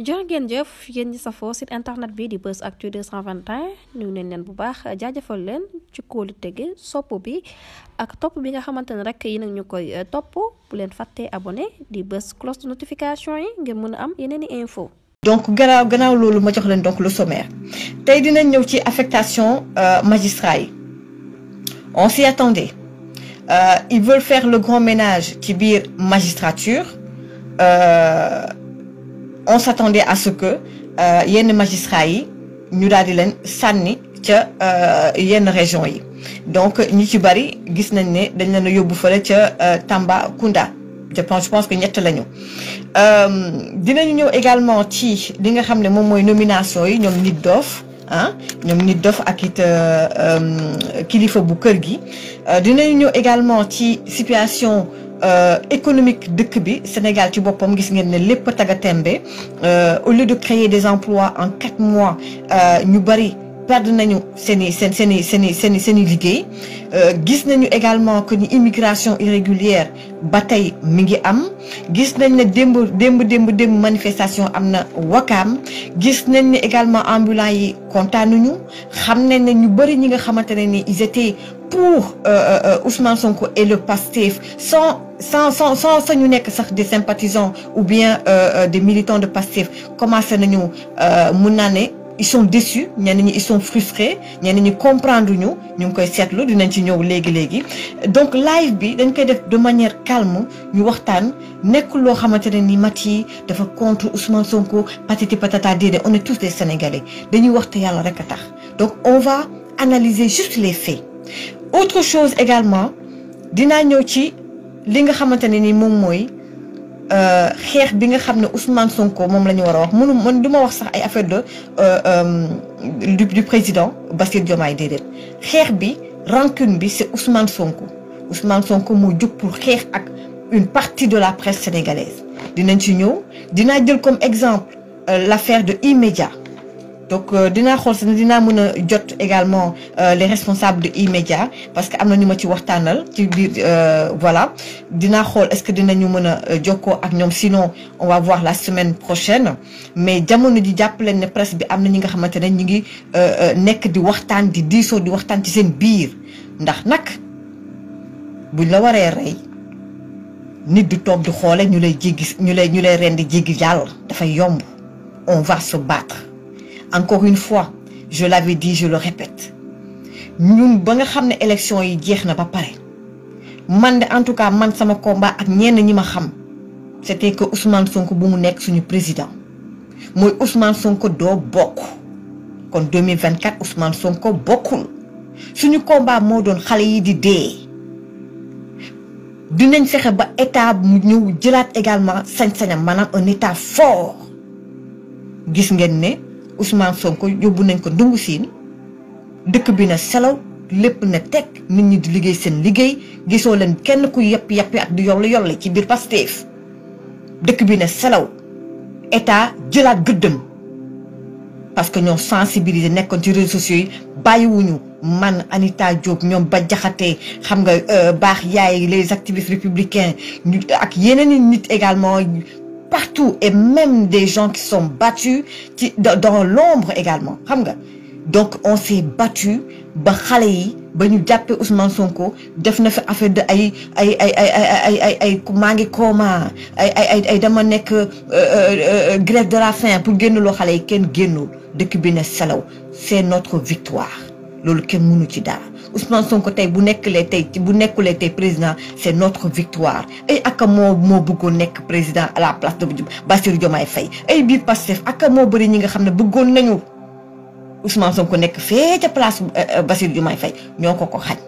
jërë ngeen jëf yéen ñi safoo site internet bi di Buzz Actu 221 ñu neen leen bu baax jaajëfal leen ci kóolu tege sopp bi ak topp bi nga xamante ne rek yi nag ñu koy eh, topp bu leen fatte abonné di bës cloche de notification yi ngeen mën a am yeneen i info donc gannaaw gannaaw loolu ma jox leen donc le sommaire tey dinañ ñëw ci affectation euh, magistrats yi on s'y attendait euh, ils veulent faire le grand ménage ci biir magistrature euh, on s'attendait à ce que euh, yenn magistrats yi ñu daal di leen sànni ca euh, yenn région yi donc ñi ci bari gis nañ ne dañ leen a yóbbu fële ca euh, Tambacounda je pense je pense que ñett lañu dinañu ñëw également ci li nga xam ne moom mooy nomination yi ñoom nit dof ah ñoom nit dof ak it kilifa bu kër gi dinañu ñëw également ci situation Euh, économique dëkk bi Sénégal ci boppam gis ngeen ne lépp a taga tembe euh, au lieu de créer des emplois en quatre mois euh, ñu bari perd nañu seen i seen seen i seen i seen liggéey gis nañu également que ni immigration irrégulière ba tey mi ngi am gis nañ ne démb démb démb démb manifestation am na wakaam gis nañ ni également ambulants yi kontaanuñu xam nañ ne ñu bëri ñi nga xamante ne ni ils pour euh, euh, euh, Ousmane Sonko et le PASTEF sans sans sans sans ñu nekk sax des sympathisants ou bien de euh, euh, des militants de PASTEF commencé nañu mun naa ne ils sont déçus ñenn ñi ils sont frustrés ñenn ñi comprendre ñu ñu ngi koy seetlu dinañ ci ñëw léegi léegi donc live bi dañ koy def de manière calme ñu waxtaan nekkul loo xamante ne ni mat yi dafa contre Ousmane Sonko patati patata déedéet on est tous des Sénégalais dañuy waxte yàlla rek a tax donc on va analyser juste les faits. autre chose également dinaa ñëw ci li nga xamante ne ni moom mooy euh, xeex bi nga xam ne Ousmane Sonko moom la ñu war a wax mënu man du ma wax sax ay affaire de euh, euh, du du président joma Diomaye déedéet xeex bi rancune bi c'est Ousmane Sonko Ousmane Sonko moo jóg pour xeex ak une partie de la presse sénégalaise dinañ ci ñëw dinaa jël comme exemple l'affaire de E-Media donc euh, dinaa xool sax dinaa mën a jot également euh, les responsables de e parce que am na ñu ma ci waxtaanal ci biir euh, voilà dinaa xool est-ce que dinañu mën a jokkoo ak ñoom sinon on va voir la semaine prochaine mais jamono ji jàpp ne presse bi am na ñi nga xamante ne ñu ngi nekk di waxtaan di diisoo di waxtaan ci seen biir ndax nag buñ la waree rey nit du toog di xoole ñu lay jéggi ñu lay ñu lay rendi jéggi yàlla dafay yomb on va se battre encore une fois je l'avais dit je le répète ñun ba nga xam ne élection yi jeex na ba pare man de en tout cas man sama combat ak ñenn ñi ma xam c'était que Ousmane Sonko bu mu nekk suñu président mooy Ousmane Sonko doo bokk kon 2024 Ousmane Sonko bokkul suñu combat moo doon xale yi di dee dinañ fexe ba état mu ñëw jëlaat également sañ-sañam maanaam un état fort gis ngeen ne. Ousmane Sonko yóbbu nañ ko ndungu siin dëkk bi na selaw lépp na teg nit ñi di liggéey seen liggéey gisoo leen kenn ku yepp yeppi ak di yolle yolle ci biir Pastef dëkk bi na selaw état jëlaat gëddëm parce que ñoo sensibiliser nekkoon ci réseaux sociaux yi bàyyiwuñu man Anita jóg ñoom ba jaxatee xam nga euh, baax yaay les activistes républicains ak yeneen nit également partout et même des gens qui sont battus ci dans, dans l'ombre également xam nga donc on s'est battu ba xale yi ba ñu jàppee Ousmane Sonko def na fa affaire de ay ay ay ay ay ay ay maa ngi coma ay ay ay dama nekk grève de la faim pour loo xale yi kenn génnul dëkk bi ne salaw c'est notre victoire loolu kenn mënu ci dara Ousmane Sonko tey bu nekk lee tey bu nekkulee tey président c'est notre victoire ay aka moo moo bëggoon nekk président à la place de Bassirou Diomaye Faye ay biir Pastef aka moo bëri ñi nga xam ne bëggoon nañu Ousmane ko nekk fee ca place euh, euh, Bassirou Diomaye Faye ñoo ko ko xañ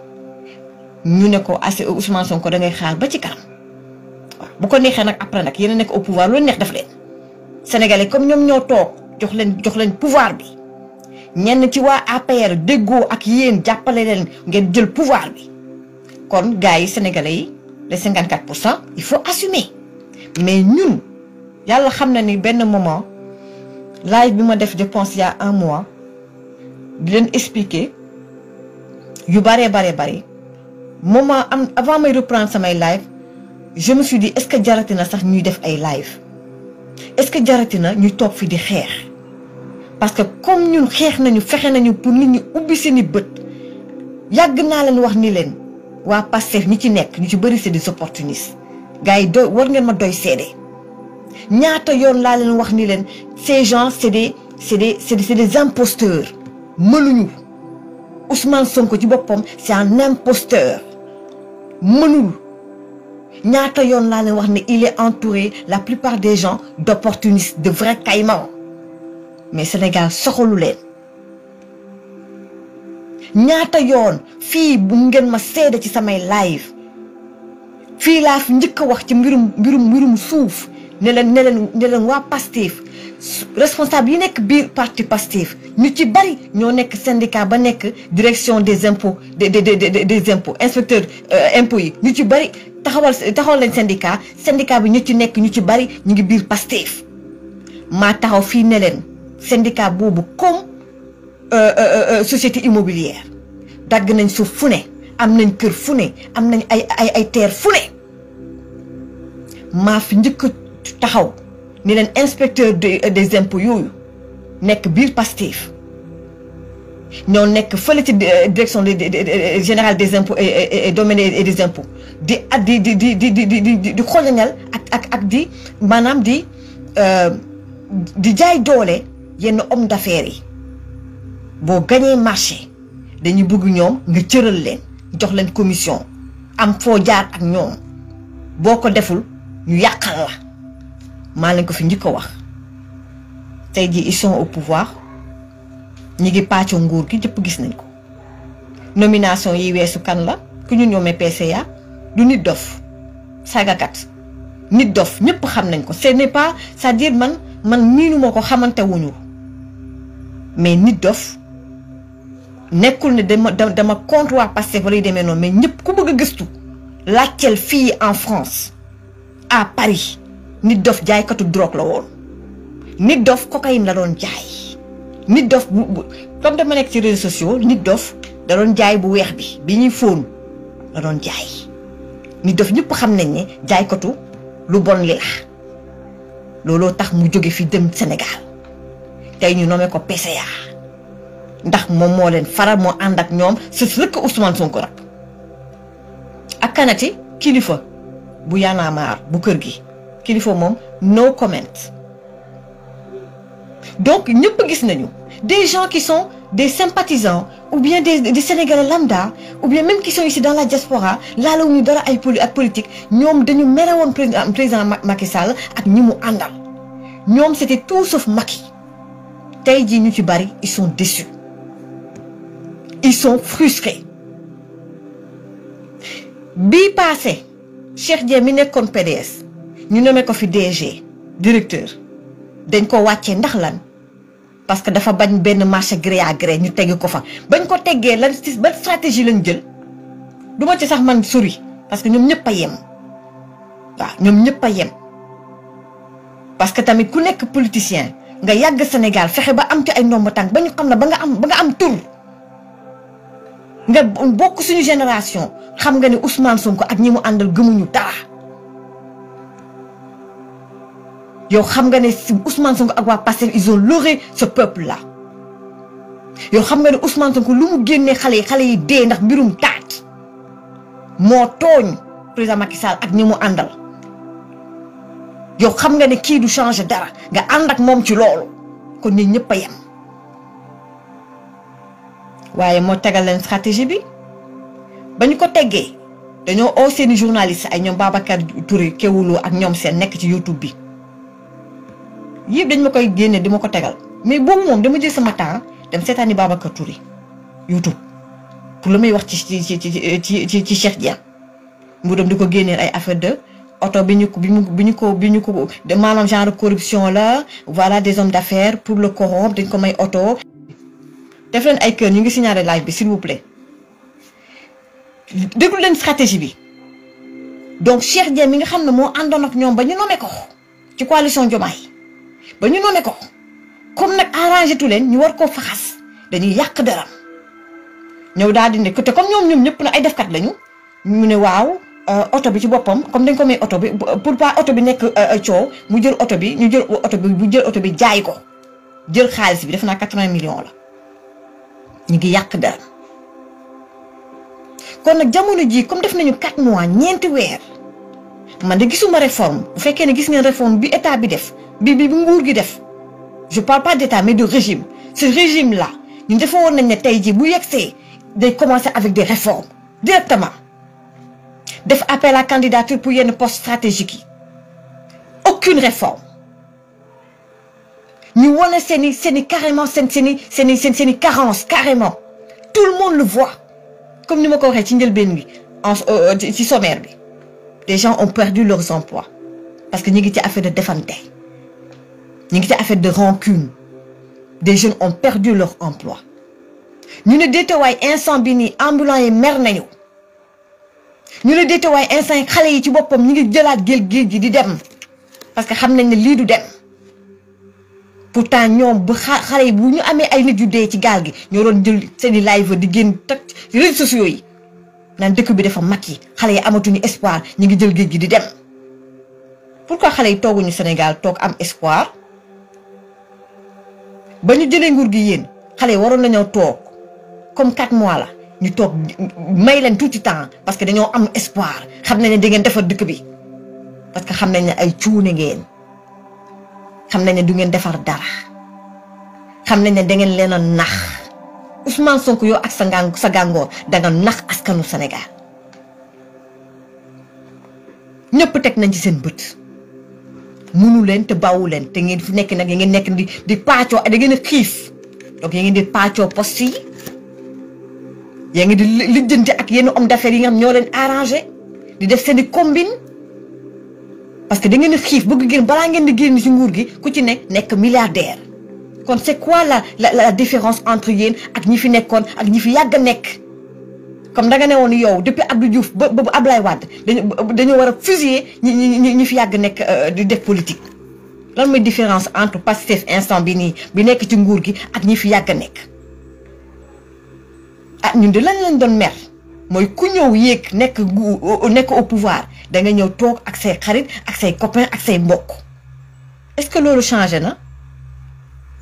ñu ne ko assez ah, Ousmane Sonko da ngay xaar ba ci kanam waaw bu ko neexee nag après nag yéen nekk au pouvoir loolu neex daf leen sénégalais comme ñoom ñoo toog jox leen jox leen pouvoir bi ñenn ci waa APR déggoo ak yéen jàppale leen ngeen jël pouvoir bi kon gars yi sénégalais yi les 54 pour cent il faut assumer mais ñun yàlla xam na ni benn moment live bi ma def je pense il un mois di leen expliquer yu bare bare bare moment am avant may reprendre samay live je me suis dit est-ce que jarati na sax ñuy def ay live est-ce que jarati na ñuy toog fi di xeex. parce que comme ñu xeex nañu fexe nañu pour nit ñi ubbi seeni bët yàgg naa leen wax ni leen waa Pastef ñi ci nekk ñu ci bëri c'est des opportunistes gars yi doy war ngeen ma doy seede ñaata yoon laa leen wax ni leen ces gens c'est des c'est des c'est des imposteurs mënuñu Ousmane ko ci boppam c'est un imposteur mënul ñaata yoon laa leen wax ne il est entouré la plupart des gens d'opportunistes de vrais caïmans mais Sénégal soxalu leen ñaata yoon fii bu ngeen ma seede ci samay live fii laa fi njëkk a wax ci mbirum mbirum suuf ne leen waa Pastef responsable yi nekk biir parti pastif ñu ci bari ñoo nekk syndicat ba nekk direction des impôts des des des impôts inspecteur euh, impôts yi ñu ci bari taxawal taxawal lañ syndicat syndicat bi ñu ci nekk ñu ci bari ñu ngi biir Pastef maa taxaw fii ne leen. syndicat boobu comme euh, euh, euh, société immobilière dagg nañ suuf fu ne am nañ kër fu ne am nañ ay ay ay terre fu maa fi njëkk taxaw ni leen inspecteur des impôts yooyu nekk biir Pastef ñoo nekk fële ci direction générale des impôts et domaine et des impôts di at ah, di di di di di di ak ak ak di maanaam di di jaay doole yenn homme d'affaires yi boo gañee marché dañuy bëgg ñoom nga cëral leen jox leen commission am foo jaar ak ñoom boo ko deful ñu yàqal la maa leen ko fi njëkk a wax tey jii ils sont au pouvoir ñi ngi pàccoo nguur gi jëpp gis nañ ko nomination yi weesu kan la ku ñu ñoomee PCA du nit dof sagakat nit dof ñëpp xam nañ ko ce n'est pas c'est-à-dire man man miinu moo ko xamantewuñu mais nit dof nekkul ne dama dama contre waa Pastef wala yu demee noonu mais ñëpp ku bëgg a gëstu laajteel fii en France à Paris nit dof jaaykatu drogue la woon nit dof cocaïne la doon jaay nit dof bu dama nekk ci réseaux sociaux dof da jaay bu weex bi bi ñuy fóon la doon jaay nit ñëpp xam nañ ne jaaykatu lu bon li la looloo tax mu jóge fi dem Sénégal tey ñu nommé ko PCA ndax moom moo leen faral moo ànd ak ñoom si rëkk son ko rak ak kanati kilifa bu yaanaamaar bu kër gi kilifa moom no comment donc ñëpp gis nañu des gens qui sont des sympathisants ou bien des des sénégalais lambda ou bien même qui sont ici dans la diaspora laalawuñu dara ay poli politique ñoom dañu mere woon président président ak ñi mu àndal ñoom c'était tout sauf Macky tey jii ñu ci bari ils sont déçus ils sont frustrés bii passé Cheikh Dieng mi nekkoon PDS ñu nommé ko fi DG directeur dañ ko wàccee ndax lan parce que dafa bañ benn marché gré à gré ñu tegg ko fa bañ ko teggee lan ban stratégie lañ jël du ma ci sax man sori parce que ñoom ñëpp a yem waaw ñoom ñëpp a yem parce que tamit ku nekk politicien nga yàgg Sénégal fexe ba am ci ay ndomb tànk ba ñu xam ne ba nga am ba nga am tur nga bokk suñu génération xam nga ne Ousmane Sonko ak ñi mu àndal gëmuñu dara yow xam nga ne si Ousmane ak waa Pastef ils ont leurré ce peuple là yow xam nga ne Ousmane Sonko lu mu génnee xale yi xale yi dee ndax mbirum taat moo tooñ président Macky Sall ak ñi mu àndal. yow xam nga ne kii du changer dara nga ànd ak moom ci loolu kon ñun ñëpp yem waaye moo tegal leen stratégie bi ba ñu ko teggee dañoo oo seeni journaliste ay ñoom Babacar Touré Kewulo ak ñoom seen nekk ci YouTube bi yëpp dañ ma koy génne di ma ko tegal mais boobu moom dama jël sama temps dem seetaani Babacar Touré YouTube pour lu may wax ci ci ci ci ci Cheikh Dia mu dem di ko génneel ay affaire de. oto bi ñu bi bi ñu ko bi ñu ko maanaam genre corruption la voilà des hommes d'affaires pour le corrompre dañ ko may oto. def leen ay kër ñu ngi signalé live bi s'il vous plaît leen stratégie bi donc Cheikh Dieng mi nga xam ne moo àndoon ak ñoom ba ñu nommé ko ci coalition Diomaye ba ñu nommé ko comme nag arrangé tu leen ñu war koo faxas dañuy yàq dara ñëw daal di ne te comme ñoom ñëpp na ay defkat lañu ñu ne waaw. Euh, oto bi ci boppam comme dañ ko may oto bi pour pas oto bi nekk euh, euh, coow mu jël oto bi ñu jël oto bi bu jël oto bi jaay ko jël xaalis bi def naa quatre-vingts ngi yàq dara kon nag jamono jii comme def nañu quatre mois ñeenti weer man de gisuma réforme bu fekkee ne gis nga réforme bi état bi def bi bi nguur gi def je parle pas d'état mais de régime ce régime là ñu defe woon nañ ne tey jii bu yegsee day commencer avec des réformes directement def appel à candidature pour yenn poste stratégique yi aucune réforme ñu wane seeni seeni carrément seen seeni seeni seen seeni carence carrément tout le monde le voit comme ni ma ko waxee ci njëlbeen gi en euh, euh, ci bi des gens ont perdu leurs emplois parce que ñu ngi ci affaire de defante ñu ngi ci affaire de rancune des jeunes ont perdu leur emploi ñu ne déetewaay instant bi nii ambulant yi mer ñu ne déete waaye instant xale yi ci boppam ñu ngi jëlaat géej géej gi di dem parce que xam nañ ne lii du dem pourtant ñoom bu xale yi bu ñu amee ay nit yu dee ci gaal gi ñoo doon jël seen i live di génn tag réseaux sociaux yi naan dëkk bi dafa mag yi xale yi amatuñu espoir ñu ngi jël géej gi di dem pourquoi xale yi tooguñu Sénégal toog am espoir ba ñu jëlee nguur gi yéen xale yi waroon nañoo toog comme 4 mois la ñu toog may leen tuuti temps parce que dañoo am espoir xam na ne da ngeen defar dëkk bi parce que xam nañ ne ay cuune ngeen xam nañ ne du ngeen defar dara xam nañ ne da ngeen leen a nax Ousmane Sonko yow ak sa ngang sa gàngoor da nga nax askanu Sénégal ñëpp teg nañ ci seen bët. munu leen te bàwu leen te ngeen fi nekk nag ya ngeen nekk di di paacoo da ngeen a xiif donc ya ngeen di paacoo poste yaa ngi di lijjanti ak yenn om d'affaires yi nga xam ñoo leen arrangé di def seen i combine parce que da ngeen di xiif bëgg génn balaa ngeen di génn ci nguur gi ku ci nekk nekk milliardaire kon c'est quoi la la différence entre yéen ak ñi fi nekkoon ak ñi fi yàgg a nekk comme da ne woon yow depuis Abdou Diouf ba ba Ablaye Wade dañoo war a fusiller ñi ñi ñi fi yàgg nekk euh, di def politique lan mooy différence entre Pastef instant bi nii bi nekk ci nguur gi ak ñi fi yàgg a ah ñun de lañ lañ doon mer mooy ku ñëw yéeg nekk euh, nekk au pouvoir da nga ñëw toog ak say xarit ak say copain ak say mbokk est-ce que loolu changé na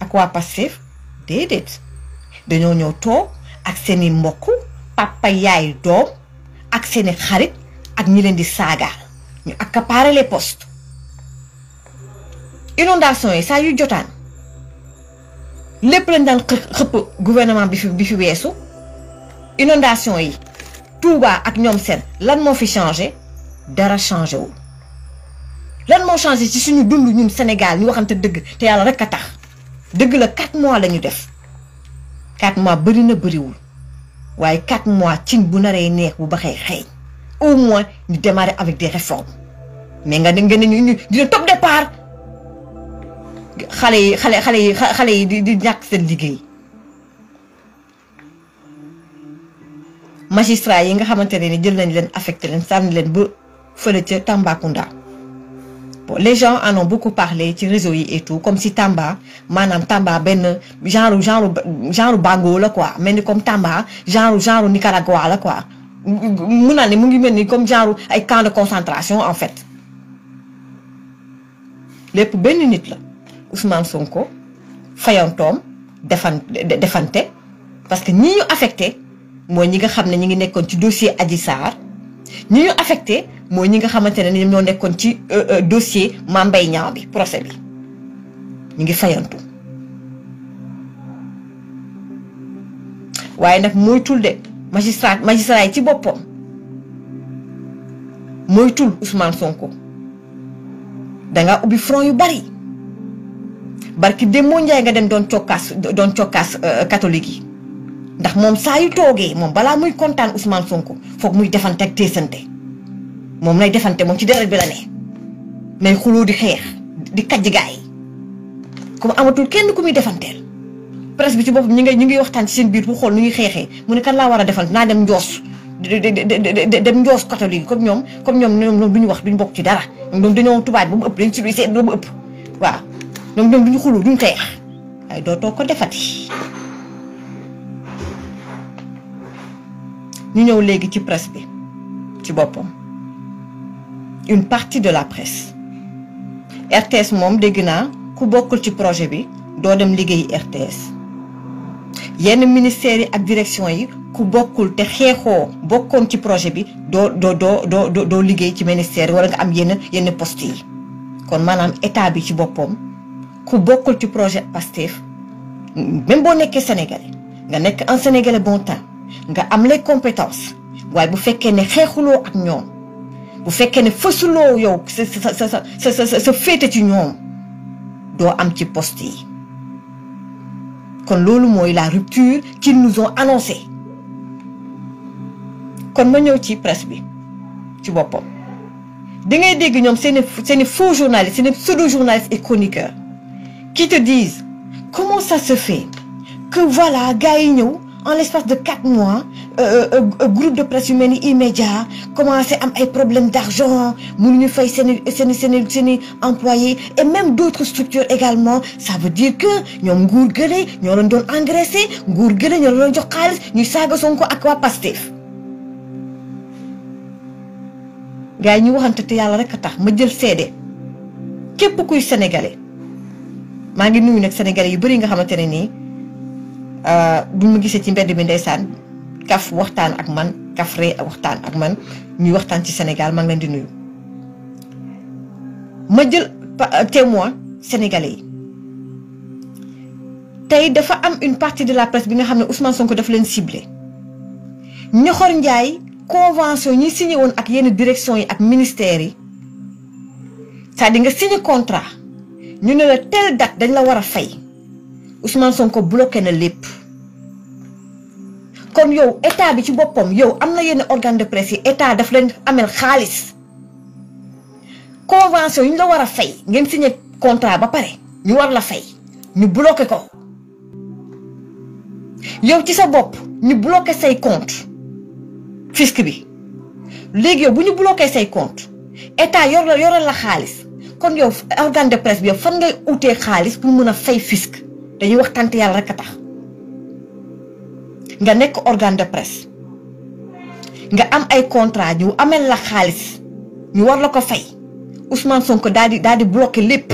ak waa Pastef déedéet dañoo ñëw toog ak seeni mbokk papa yaay doom ak seeni xarit ak ñi leen di saaga ñu accaparer les postes inondation yi saa yu jotaan lépp lañ daan xëpp gouvernement bi fi bi fi weesu inondation yi Touba ak ñoom seen lan moo fi changé dara changé wu lan moo changé ci suñu dund ñun Sénégal ñu waxante dëgg te yàlla rek a tax dëgg la 4 mois la ñu def 4 mois bëri na bëriwul waaye 4 mois cin bu naree neex bu baxee xëy au mois ñu démarrer avec des réformes mais nga ne nga ne ñu dina top départ xale yi xale xale yi xale yi di di ñàkk seen liggéey. magistrat yi nga xamante ne ni jël nañ leen affecté leen sànni leen ba fële ca Tambacounda bon les gens en ont beaucoup parlé ci réseau yi et tout comme si Tamba maanaam Tamba benn genre genre genre Bango la quoi mel ni comme Tamba genre genre Nicaragua la quoi mun naa mu ngi mel ni comme genre ay camp de concentration en fait lépp benn nit la Ousmane Sonko fayantoom defan defante parce que ñi ñu affecté. mooy ñi nga xam ne ñu ngi nekkoon ci dossier Adji Sarr ñi ñu affecté mooy ñi nga xamante ne ñoom ñoo nekkoon ci euh, euh, dossier Mame Mbaye Niang bi procès bi ñu ngi fayantu waaye nag moytul de magistrat magistrat yi ci boppam moytul Ousmane Sonko danga ubbi front yu bari barki démb moo njaay nga dem doon cokkaas doon cokkaas euh, catholique yi ndax moom saa yu toogee moom balaa muy kontaan Ousmane Sonko foog muy defante ak teesante moom lay defante moom ci deret bi la ne mais xuloo di xeex di kàjj gaa yi comme amatul kenn ku muy defanteel presse bi ci boppam ñi nga ñu ngi waxtaan ci seen biir bu xool nu ñuy xeexee mu ne kan laa war a defal naa dem njoos dem njoos catholique comme ñoom comme ñoom ñoom duñu wax duñu bokk ci dara ñoom dañoo tubaab ba ëpp dañ civilisé ba mu ëpp waaw ñoom ñoom duñu xuloo duñu xeex waaye dootoo ko defati ñu ñëw léegi ci presse bi ci boppam une partie de la presse RTS moom dégg naa ku bokkul ci projet bi doo dem liggéeyi RTS yenn ministères yi ak direction yi ku bokkul te xeexoo bokkoon ci projet bi doo doo doo doo doo liggéey ci ministère wala nga am yenn yenn poste yi kon maanaam état bi ci boppam ku bokkul ci projet Pastef même boo nekkee sénégalais nga nekk en sénégalais bon temps nga am les compétences waaye bu fekkee ne xeexuloo ak ñoom bu fekkee ne fësuloo yow sa sa sa sa sa féete ci ñoom doo am ci poste yi kon loolu mooy la rupture qu'ils nous ont annoncé kon ma ñëw ci presse bi ci boppam da ngay dégg ñoom seeni seeni faux journalistes seeni pseudo journalistes et chroniqueurs qui te disent comment ça se fait que voilà gars yi ñëw en l'espace de quatre mois euh, euh, euh, groupe de presse yu mel ni immédiat commencé am ay problème d'argent mënuñu fay seen i seen i seen i seen i employés et même d'autres structures également ça veut dire que ñoom nguur gële ñoo leen doon engraissé nguur gële ñoo leen doon jox xaalis ñuy saaga Sonko ak waa Pastef gars yi ñu waxante te yàlla rek a tax ma jël seede képp kuy sénégalais maa ngi nuyu nag sénégalais yu bëri nga xamante ne nii Euh, bu ma gisee ci mbedd bi ndeysaan kaf waxtaan ak man kaf ree waxtaan ak man ñuy waxtaan ci Sénégal maa ngi leen di nuyu. ma jël euh, témoin sénégalais yi tey dafa am une partie de la presse bi nga xam ne Ousmane Sonko dafa leen ciblé Ñoxor Njaay convention ñi signé woon ak yenn direction yi ak ministères yi c'est-à-dire nga signé contrat ñu ne la telle date dañ la war a fay. Ousmane Sonko bloqué na lépp kon yow état bi ci boppam yow am na yenn organe de presse yi état daf leen amel xaalis convention yi ñu la war a fay ngeen signé contrat ba pare ñu war la fay ñu bloqué ko yow ci sa bopp ñu bloqué say compte fisc bi léegi yow bu ñu bloqué say compte état yor la yoral la xaalis kon yow organe de presse bi yow fan ngay utee xaalis pour mën a fay fisc dañuy waxtaan te yàlla rek a tax nga nekk organe de presse nga am ay contrat ñu amel la xaalis ñu war la ko fay Ousmane Sonko daal di daal di bloqué lépp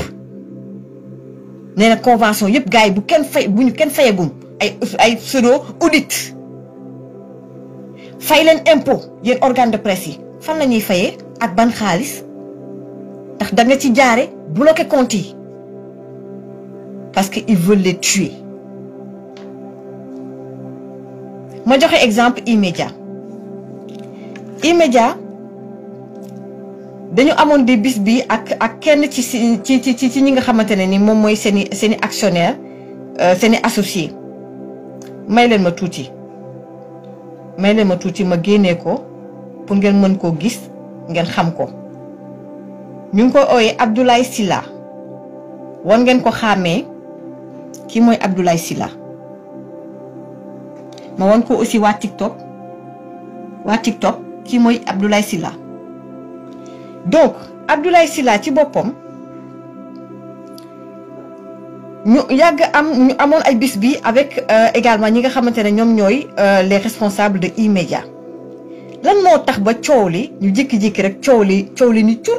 nee na convention yëpp gars yi bu kenn fay bu ñu kenn fayagum ay ay pseudo audit fay leen impôt yéen organe de presse yi fan la ñuy fayee ak ban xaalis ndax danga ci jaare bloqué compte yi. parce que qu'ils veulent les tuer ma joxe exemple immédiat immédiat dañu amoon di bis bi ak ak kenn ci ci ci ci ñi nga xamante ne ni moom mooy seen i seen i actionnaire euh, seen associé may leen ma tuuti may leen ma tuuti ma génnee ko pour ngeen mën koo gis ngeen xam ko ñu ngi ko ooyee Abdoulaye Sylla war ngeen ko xàmmee kii mooy Abdoulaye Sylla ma won ko aussi waa TikTok waa TikTok kii mooy Abdoulaye Sylla donc Abdoulaye Sylla ci boppam ñu yàgg am ñu amoon ay bis bi avec euh, également ñi nga xamante ne ñoom ñooy euh, les responsables de E-Media lan moo tax ba coow li ñu jékki-jékki rek coow li coow li ni cur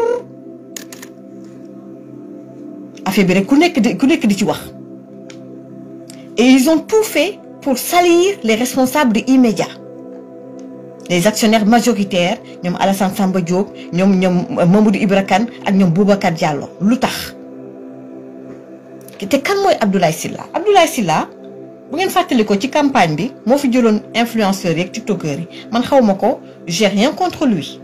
affaire bi rek ku nekk di ku nekk di ci wax Et ils ont tout fait pour salir les responsables de immédiats. Les actionnaires majoritaires, ñoom Alassane Samba Diop, ñoom ñoom euh, Mamadou Ibra Kane ak ñoom Boubacar Diallo lu tax te kan mooy Abdoulaye Sylla Abdoulaye Sylla bu ngeen fàttali ko ci campagne bi moo fi jëloon influenceurs yeeg tiktokers yi man xaw ma ko j'ai rien contre lui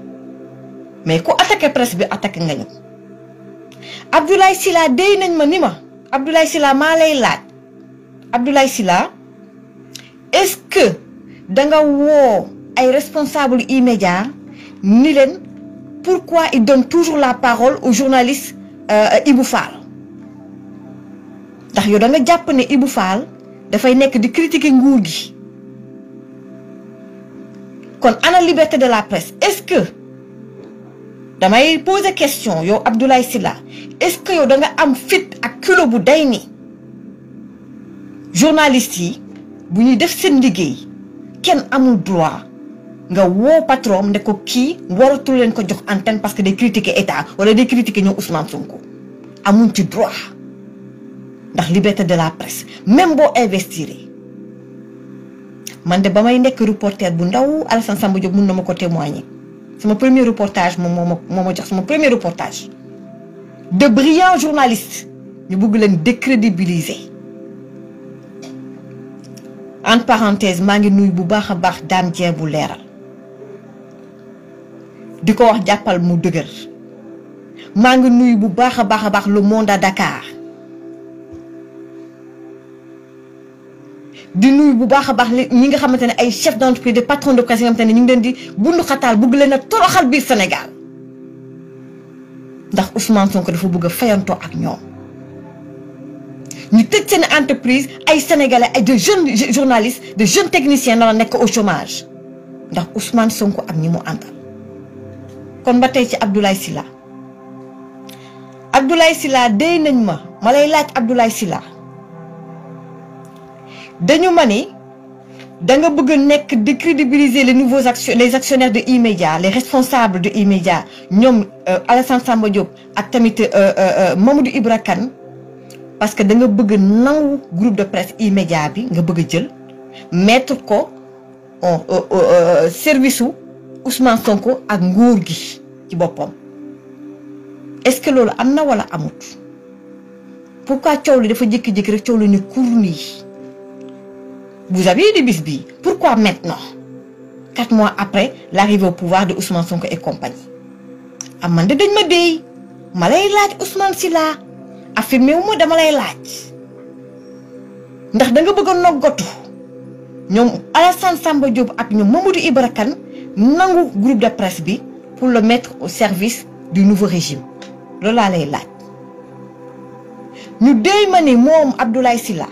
mais ku attaqué presse bi attaqué nga ñu Abdoulaye Sylla déy nañ ma ni ma Abdoulaye Sylla maa lay laaj Abdoulaye Sylla est-ce que da woo ay responsables immédiats ni leen pourquoi il donne toujours la parole au journaliste euh, Ibou Fall ndax yow da jàpp ne Ibou dafay nekk di critiquer nguur gi kon ana liberté de la presse est-ce que damay poser question yow Abdoulaye Sylla est-ce que yow da nga am fit ak kilo bu day ni journaliste yi bu ñuy def seen liggéey kenn amul droit nga woo patron ne ko kii waratul leen ko jox antenne parce que day critiquer état wala day critiquer ñoom Ousmane Sonko amuñ ci droit ndax liberté de la presse même boo investir man de ba may nekk reporter bu ndaw Alassane Samba jox mun na ma ko témoigner sama premier reportage moom moo ma moo ma jox sama premier reportage de brillants journalistes ñu bugg leen décrédibiliser. en parenthèse maa ngi nuyu bu baax a baax daan Dieng bu leeral di ko wax jàppal mu dëgër maa ngi nuyu bu baax a baax a baax le monde à Dakar di nuyu bu baax a baax ñi nga xamante ne ay chef d'entreprise des patrons de presse yi nga xamante ne ñu ngi leen di bundu xataal bëgg leen a toroxal bii Sénégal ndax Ousmane Sonko dafa bëgg a fayantoo ak ñoom. ñu tëj seen entreprise ay sénégalais ay de jeunes journalistes de jeunes techniciens dana nekk au chômage ndax Ousmane Sonko am ñi mu àndal kon ba tey ci Abdoulaye Sylla Abdoulaye Sylla dey nañ ma ma lay laaj Abdoulaye Sylla dañu ma ni da nga bëgg nekk décrédibiliser les nouveaux action les actionnaires de E-Media les responsables de E-Media ñoom euh, Alassane Samba Diop ak tamit euh, euh, Mamadou Ibra Kane parce que da nga bëgg nangu groupe de presse immédiat bi nga bëgg a jël mettre ko euh, euh, euh, service su Ousmane Sonko ak nguur gi ci boppam est-ce que loolu am na wala amut pourquoi coow li dafa jékki-jékki rek coow li ne kur nii vous avez des bis bii pourquoi maintenant quatre mois après l'arrivée au pouvoir de Ousmane Sonko et compagnie am man de dañ ma déy ma lay laaj Ousmane Sylla affirmé wu ma dama lay laaj ndax da nga bëgg a noggatu ñoom Alassane Samba Diop ak ñoom Mamadou Ibra Kane nangu groupe de presse bi pour le mettre au service du nouveau régime loolu laa lay laaj ñu déy ma ni moom Abdoulaye Sylla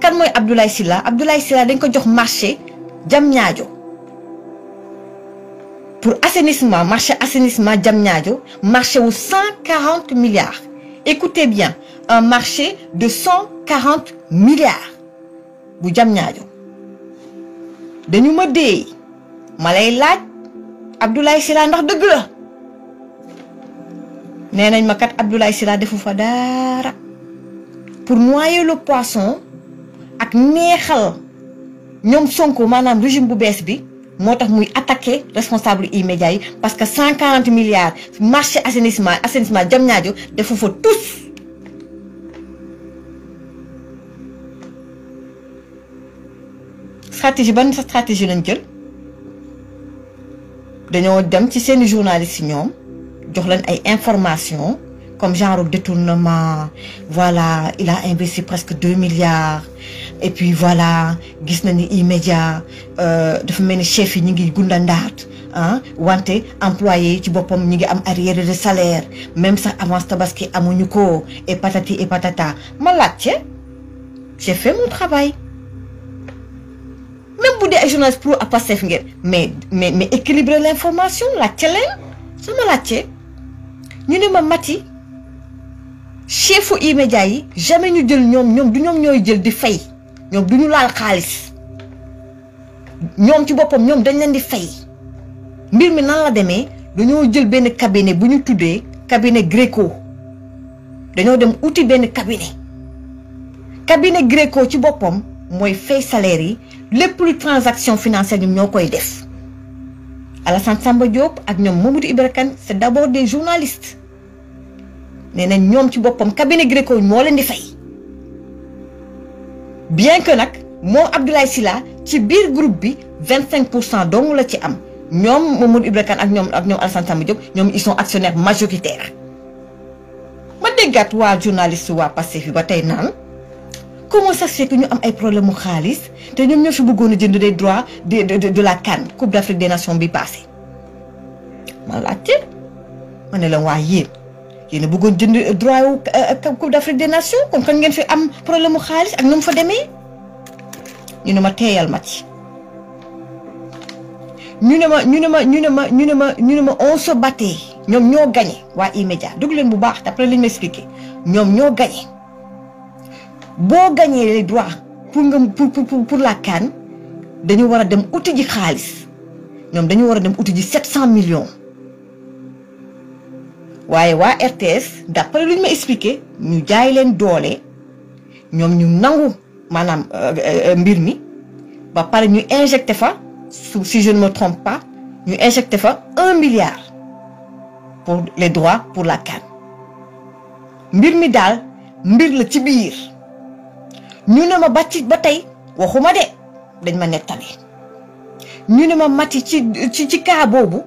kan mooy Abdoulaye Sylla Abdoulaye Sylla dañ ko jox marché jam ñaajo pour assainissement marché assainissement Diamniadio marché wu 140 milliards écoutez bien un marché de 140 milliards bu Diamniadio dañu ma déey ma lay laaj Abdoulaye Sylla ndax dëgg la nee nañ ma kat Abdoulaye Sylla defu fa dara pour noyer le poisson ak neexal ñoom Sonko maanaam régime bu bees bi moo tax muy attaqué responsable immédiat yi parce que cent quarante milliards marché assainissement assainissement jam ñaajo defu fa tous stratégie ban stratégie lañ jël dañoo dem ci seeni journalistes ñoom jox leen ay informations comme genre détournement voilà il a investi presque deux milliards et puis voilà gis na ni immédiat euh, dafa mel ni chef yi ñu ngi gundandaat ah wante employé ci boppam ñu ngi am arriéré de salaire même sax avance tabaski amuñu ko et patati et patata ma laajte j'ai fait mon travail même bu dee ay journaliste pro ak Pastef mais mais mais équilibrer l' information laajte leen sama laajte ñu ne ma Maty chefu immédiat yi jamais ñu jël ñoom ñoom du ñoom ñooy jël di fay. ñoom du ñu laal xaalis ñoom ci boppam ñoom dañ leen di fay mbir mi nan la demee dañoo jël benn cabinet bu ñu tuddee cabinet Greco dañoo dem uti benn cabinet cabinet Greco ci boppam mooy fay salaire yi lépp lu transaction financière ñoom ñoo koy def Alassane Samba Diop ak ñoom Mamadou Ibra Kane c'est d'abord des journalistes nee na ñoom ci boppam cabinet Greco moo leen di fay. bien que nag moom Abdoulaye Sylla ci biir groupe bi vingt cinq pour cent dong la ci am ñoom Mamadou Ibra Kane ak ñoom ak ñoom Alassane Samba Diop ñoom ils sont actionnaires majoritaires ma déggaat waa journaliste waa Pastef fii ba tey naan comment ça se fait ñu am ay problème mu xaalis te ñoom ñoo fi bëggoon a jënd des droits de de de la CAN Coupe d'Afrique des Nations bi passé ma laajte ma ne la waa yéen yéen a bëggoon jënd droit wu euh, Coupe d'Afrique des Nations kon kan ngeen fi am problème mu xaalis ak nu mu fa demee ñu ne ma teeyal ma ci ñu ne ma ñu ne ma ñu ne ma ñu ne ma ñu ne ma on se battait ñoom ñoo gagné waa E-Media dugg leen bu baax d'après li ñu ma expliqué ñoom ñoo gagné boo gagné les droits pour nga pour pour pour la kaan dañu war a dem uti ji xaalis ñoom dañu war a dem uti ji 700 millions. waaye waa RTS d'après lu ñu ma expliqué ñu jaay leen doole ñoom ñu nangu maanaam euh, euh, euh, mbir mi ba pare ñu injecté fa si je ma me trompe pas ñu injecté fa un milliard pour les droits pour la CAN mbir mi daal mbir la ci biir ñu ne ma bàcc ba tey waxuma de dañ ma nettali ñu ne ma mati ci ci ci cas boobu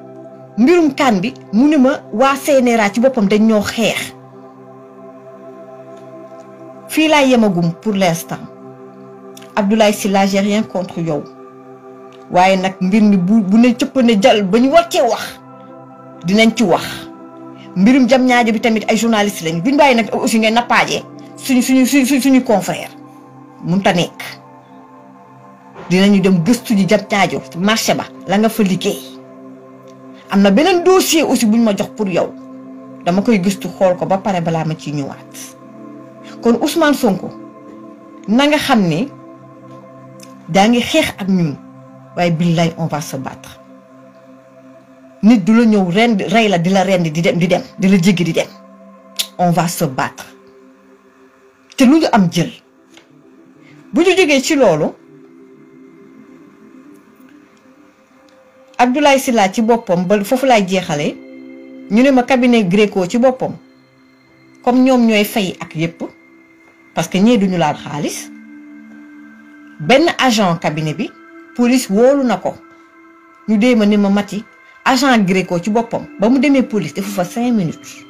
mbirum kan bi mu ne ma waa CNRA ci boppam dañ ñoo xeex fii laa yemagum pour l'instant Abdoulaye Sylla j'ai rien contre yow waaye nag mbir mi bu bu ne cëpp ne jàll ba ñu war cee wax dinañ ci wax mbirum jam ñaajo bi tamit ay journaliste lañ duñ bàyyi nag aussi ngeen nappaajee suñu suñu suñu suñu confrère mun a nekk dinañu dem gëstu ji jam ñaajo marché ba la nga fa liggéey. am na beneen dossier aussi ñu ma jox pour yow dama koy gistu xool ko ba pare balaa ma ciy ñëwaat kon Ousmane Sonko na nga xam ni daa ngi xeex ak ñun waaye billaay on va se battre nit du la ñëw rend rey la di la rend di dem di dem di la jéggi di dem on va se battre te lu ñu am jël bu ñu jógee ci loolu. Abdoulaye Sylla ci boppam ba foofu laay jeexalee ñu ne ma cabinet Greco ci boppam comme ñoom ñooy fay ak yépp parce que ñee duñu laal xaalis benn agent cabinet bi police wóolu na ko ñu dee ma ni ma mati agent Greco ci boppam ba mu demee police defu fa cinq minutes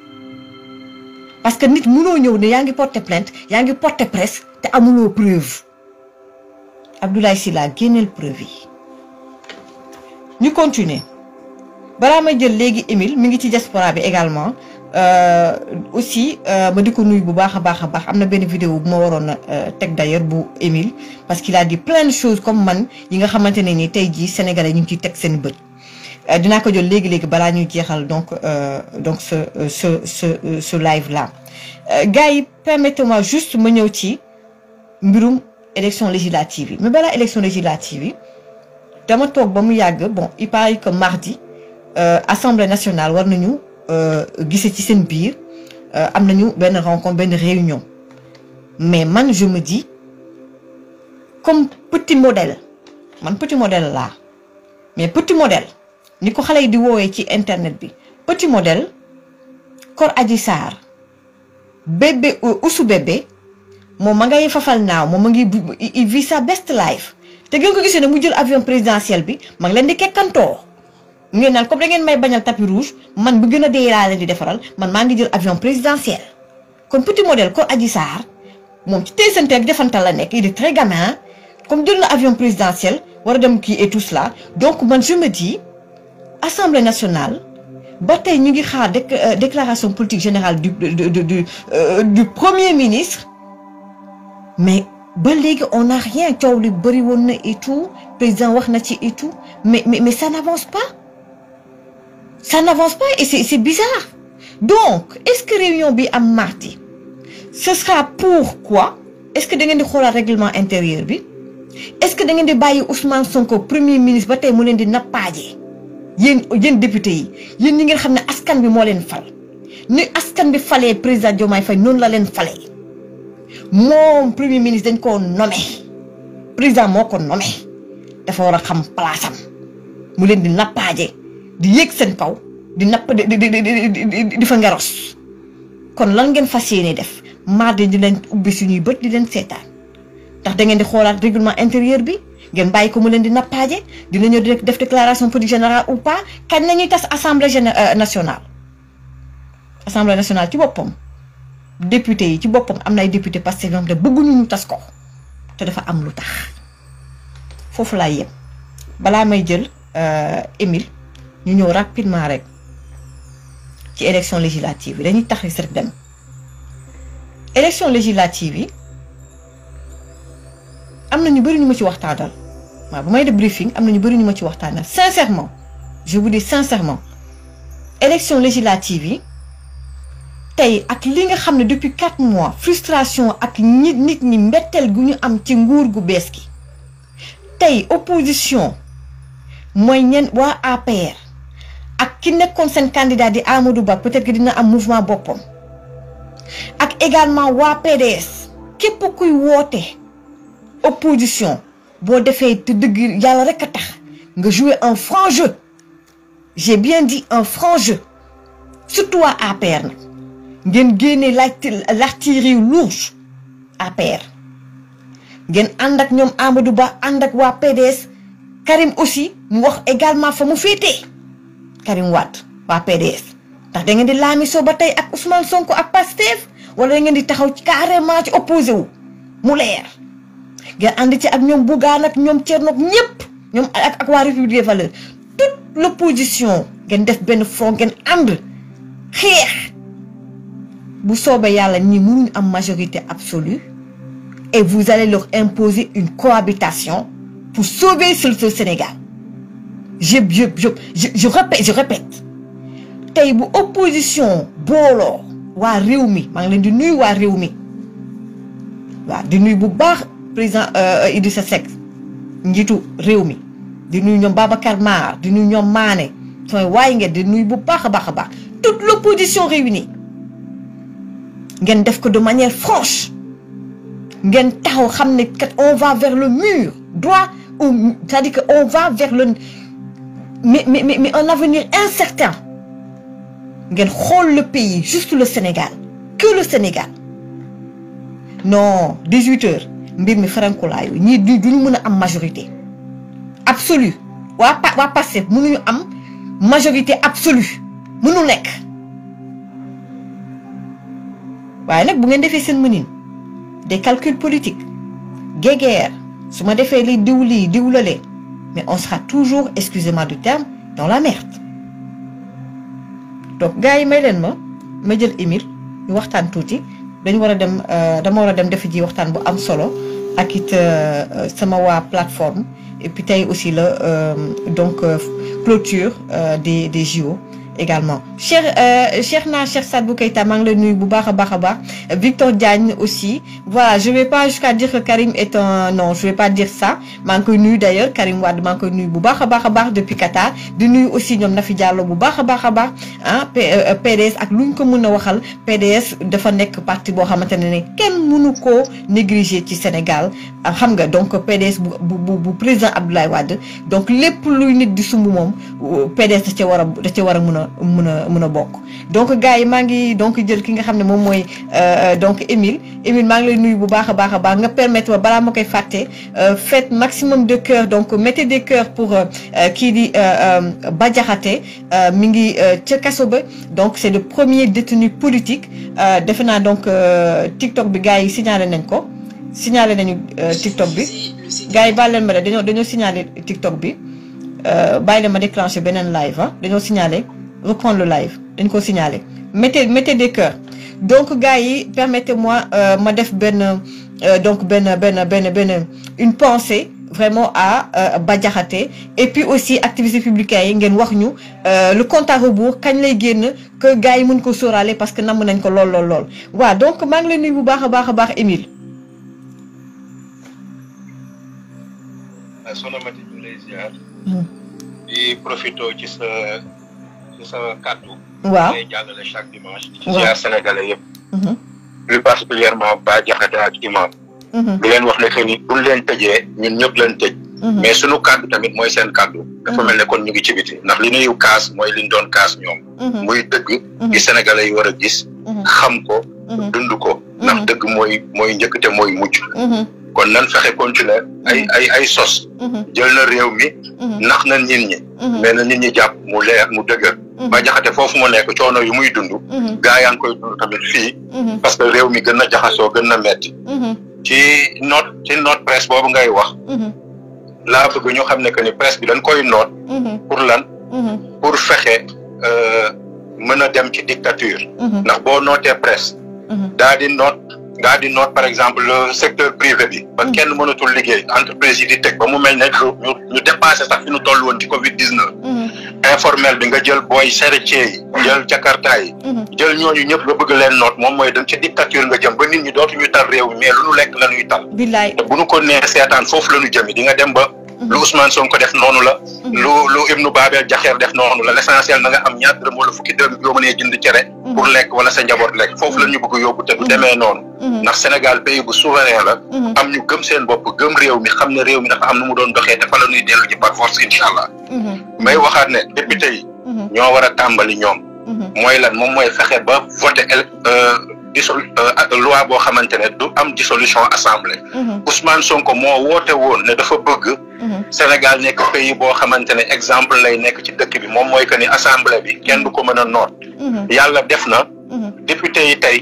parce que nit mënoo ñëw ne yaa ngi porter plainte yaa ngi porter presse te amuloo preuve Abdoulaye Sylla génneel preuve yi ñu continuer balaa may jël léegi Émile mu ngi ci diaspora bi également euh, aussi euh, ma di ko nuyu bu baax a baax a baax am na benn vidéo bu ma waroon a euh, teg d'ailleurs bu Émile parce qu'il a dit plein de choses comme man yi nga xamante ne ni tey jii sénégalais ñu ngi ciy teg seen bët. dinaa ko jël léegi léegi balaa ñuy jeexal donc donc ce ce ce ce live là gars yi permettez-moi juste ma ñëw ci mbirum élection législative yi mais balaa élection législative yi. dama toog ba mu yàgg bon il paraît que mardi euh, assemblée nationale war nañu euh, gise ci seen biir euh, am nañu benn rencontre benn réunion mais man je me dis comme petit modèle man petit modèle laa mais petit modèle ni ko xale yi di woowee ci internet bi petit modèle kor Adji Sarr bébé Oussou bébé moom ma ngay fafal naaw moom a ngi il vit sa best life te ngeen ko gisee ne mu jël avion présidentiel bi ma leen di kekkantoo ngeen naan comme da ngeen may bañal tapis rouge man bu gën a dee leen di defaral man maa ngi jël avion présidentiel. kon petit modèle kon Adji Sarr moom ci tey seen defantal la nekk il est très gamin comme jël na avion présidentiel war a dem kii et tout cela donc man je me dis assemblée nationale. ba tey ñu ngi xaar euh, déclaration politique générale du du du euh, du premier ministre ba léegi on a rien coow li bëri woon na étou tout président wax na ci et tout mais mais mais ça n'avance pas ça n'avance pas et c'est c'est donc est-ce que réunion bi am mardi ce sera pourquoi est-ce que da ngeen di xoolaat règlement intérieur bi est-ce que da ngeen di bàyyi Ousmane Sonko premier ministre ba tey mu leen di nappaajee yéen yéen député yi yéen ñi ngeen xam ne askan bi moo leen fal ni askan bi falee président Diomaye Faye noonu la leen falee moom premier ministre dañ koo nommé président moo ko nommé dafa war a xam palaasam mu leen di nappaaje di yéeg seen kaw di napp di di di di fa ngeros kon lan ngeen fas yéene def mardi di leen ubbi si ñuy bët di leen seetaan ndax da ngeen di xoolaat règlement intérieur bi ngeen bàyyi ko mu leen di nappaaje dina ñëw di def déclaration politique générale ou pas kañ nañuy tas assemblée euh, nationale assemblée nationale ci boppam. député yi ci boppam am na ay député Pastef ñoom te bëgguñu ñu tas ko te dafa am lu tax foofu laay yem balaa may jël euh, Émile ñu ñëw rapidement rek ci élection législative yi dañuy tax rek dem élection législative yi am na ñu bëri ñu ma ci waxtaanal waaw bu may def briefing am na ñu bëri ñu ma ci waxtaanal sincèrement je vous dis sincèrement élection législative yi. tey ak li nga xam ne depuis quatre mois frustration ak nit nit ñi mbetteel gu ñu am ci nguur gu bees gi tey opposition mooy ñen waa APR ak ki nekkoon seen candidat di Amadou Ba peut-être que dina am mouvement boppam ak également waa PDS képp kuy woote opposition boo defee te dëgg yàlla rek a nga jouer un franc jeu j'ai bien dit un franc jeu surtout waa APR nag ngeen génne l'artillerie lourde APR ngeen ànd ak ñoom Amadou Ba ànd ak waa PDS Karim aussi mu wax également fa mu féetee Karim Wade waa PDS ndax da ngeen di laamisoo ba tey ak Ousmane Sonko ak Pastef wala da ngeen di taxaw ci carrément ci opposé wu mu leer ngeen ànd ci ak ñoom Bougane ak ñoom Thierno ñëpp ñoom ak ak waa République des Valeurs toute l'opposition ngeen def benn front ngeen ànd xeex. bu vous sauvez yalla ni en majorité absolue et vous allez leur imposer une cohabitation pour sauver le Sénégal. Je, je, je, je, répète, je répète. Tay bu opposition bolo wa rewmi ma ngi len di nuy wa rewmi wa di nuy bu baax président euh, euh Idrissa Seck njitu rewmi di nuy ñom Babacar di nuy ñom Mané soy way di nuy bu baax baax baax toute l'opposition réunie ngeen def ko de manière franche ngeen taxaw xam ne kat on va vers le mur droit ou c'est-à-dire que on va vers le mais un avenir incertain ngeen xool le pays juste le Sénégal que le Sénégal non 18 heures mbir mi farankulaayu ñii du duñu mën a am majorité absolue waa waa Pastef mënuñu am majorité absolue mënul nekk waaye nag bu ngeen defee seen mënin des calculs politiques guéguerre su ma defee li diw lii diw mais on sera toujours excusez du terme dans la merde donc gars yi may leen ma ma jël Émile ñu waxtaan tuuti dañu war a dem euh, dama war a dem def ji waxtaan bu am solo ak it euh, euh, sama waa plateforme et puis tey aussi la donc clôture des des JO également Cheikh euh, Cheikh naa Cheikh Sadbou Keita maa ngi la nuyu bu baax a baax a baax Victor Diagne aussi voilà je vais pas jusqu'à dire que Karim est un non je vais pas dire ça maa ngi koy nuyu d'ailleurs Karim Wade maa ngi koy nuyu bu baax a baax a baax depuis Qatar di nuyu aussi ñoom Nafi Diallo bu baax a baax a baax ah PDS euh, euh, ak lu ñu ko mën a waxal PDS dafa nekk parti boo xamante ne ne kenn mënu koo négliger ci Sénégal ah, xam nga donc PDS bu bu bu président Abdoulaye Wade donc lépp luy nit di sumb moom PDS da cee war a da cee war a mën a mun mën a mën a bokk donc gars yi maa ngi donc jël ki nga xam ne moom mooy euh, donc Émile Émile maa ngi lay nuyu bu baax a baax a baax nga permettre ma balaa ma koy fàtte euh, faites maximum de cœur donc mettez des cœurs pour euh, kii di Bah Diakhaté mi ngi ca kaso ba donc c'est le premier détenu politique defe naa donc TikTok bi gars yi signale nañ ko signalé nañu TikTok bi gars yi baal leen ma de dañoo dañoo signalé TikTok bi bàyyi leen ma déclenché beneen live ah dañoo signale reprendre le live dañ koo signaler mettez mettez des cœurs donc gars yi permettez-moi euh, ma def benn euh, donc benn benn benn benn une pensée vraiment à euh, Badiakhaté et puis aussi activité publicains yi ngeen wax ñu le compte à rebours kañ lay génn que gars yi mën ko sorale parce que namm nañ ko lool lool lool waaw donc maa ngi lay bu baax a baax a baax Émile. sa kàddu. waaw ngay jàllale chaque dimanche. waaw ci ziar sénégalais yëpp. Mhm. plus particulièrement Bah Diakhaté ak imam. Mhm. di leen wax ne que ni leen tëjee ñun ñëpp leen tëj. Mhm. mais sunu kàddu tamit mooy seen kàddu. dafa mel ne kon ñu ngi ci biti ndax li ñuy kaas mooy liñ doon kaas ñoom. muy dëgg. gi sénégalais yi war a gis. xam ko dund ko. ndax dëgg mooy mooy njëkk te mooy mujj. kon nan fexe continuer ay ay ay sos. jël na réew mi. nax na nit ñi. mais na nit ñi jàpp mu leer mu dëgër. ba jaxate foofu mu nekk coono yu muy dund mhm. gaa yaa ngi koy dund tamit fii mhm. parce que réew mi gën a jaxasoo gën na metti mhm. ci note ci note presse boobu ngay wax laa bëgg ñu xam ne que ni presse bi dañ koy noot pour lan pour fexe euh, mën a dem ci dictature ndax bo nootee presse daa di noot daal di noot par exemple le secteur privé bi ba mm. kenn mënatul liggéey entreprise yi di teg ba mu mel ne ñu ñu dépassé sax fi ñu toll woon ci Covid 19. Mm. informel bi nga jël booy charretier yi mm. jël jakarta yi mm-hmm. jël ñooñu ñëpp la bëgg leen noot moom mooy dem ci dictature nga jëm ba nit ñi dootuñu tal réew mi lu ñu lekk la ñuy tal te bu nu ko nee seetaan foofu la ñu jëm di nga dem ba lu Ousmane Sonko def noonu la. Mhm. lu lu Ibnu Babel Jaxeer def noonu la l' essentiel na nga am ñaar dërëm wala fukki dërëm yoo mënee cere. Mhm. pour lekk wala sa njaboot lekk mhm. foofu la ñu bëgg yóbbu te du demee noonu. ndax Sénégal pays bu souverain la. am ñu gëm seen bopp gëm réew mi xam ne réew mi dafa am nu mu doon doxee te fa la ñuy dellu ji par force incha allah. may waxaat ne député ñoo war a tàmbali ñoom. mooy lan moom mooy fexe ba voté euh, dissol euh, loi boo xamante ne du am dissolution assemblée. Mhm. Ousmane Sonko moo woote woon ne dafa bëgg. Mhm. Sénégal nekk pays boo xamante ne exemple lay nekk ci dëkk bi moom mooy que ni assemblée bi kenn du ko mën a noot. Mhm. yàlla def na. député yi tey